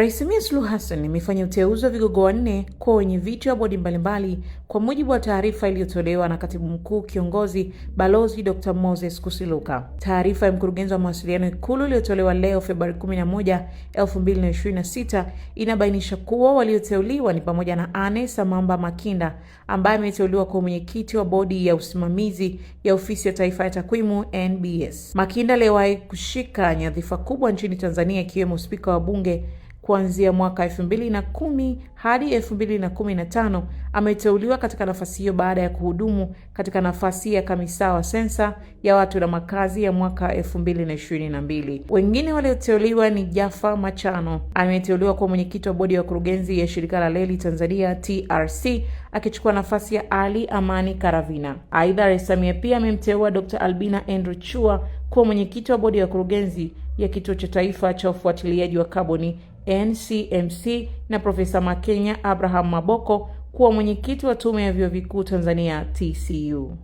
Rais Samia Suluhu Hassan amefanya uteuzi wa vigogo wanne kuwa wenye viti wa bodi mbalimbali kwa mujibu wa taarifa iliyotolewa na Katibu Mkuu Kiongozi Balozi Dr. Moses Kusiluka. Taarifa ya Mkurugenzi wa Mawasiliano Ikulu iliyotolewa leo Februari 11, 2026 inabainisha kuwa walioteuliwa ni pamoja na Anne Samamba Makinda ambaye ameteuliwa kwa mwenyekiti wa bodi ya usimamizi ya Ofisi ya Taifa ya Takwimu NBS. Makinda aliyewahi kushika nyadhifa kubwa nchini Tanzania ikiwemo Spika wa Bunge kuanzia mwaka 2010 hadi 2015. Ameteuliwa katika nafasi hiyo baada ya kuhudumu katika nafasi ya kamisa wa sensa ya watu na makazi ya mwaka 2022. Wengine walioteuliwa ni jafa Machano, ameteuliwa kuwa mwenyekiti wa bodi ya wakurugenzi ya shirika la reli Tanzania TRC, akichukua nafasi ya Ali Amani Karavina. Aidha, Rais Samia pia amemteua Dr. Albina Andrew Chua kuwa mwenyekiti wa bodi ya wakurugenzi ya kituo cha taifa cha ufuatiliaji wa kaboni NCMC na Profesa Makenya Abraham Maboko kuwa mwenyekiti wa Tume ya Vyuo Vikuu Tanzania TCU.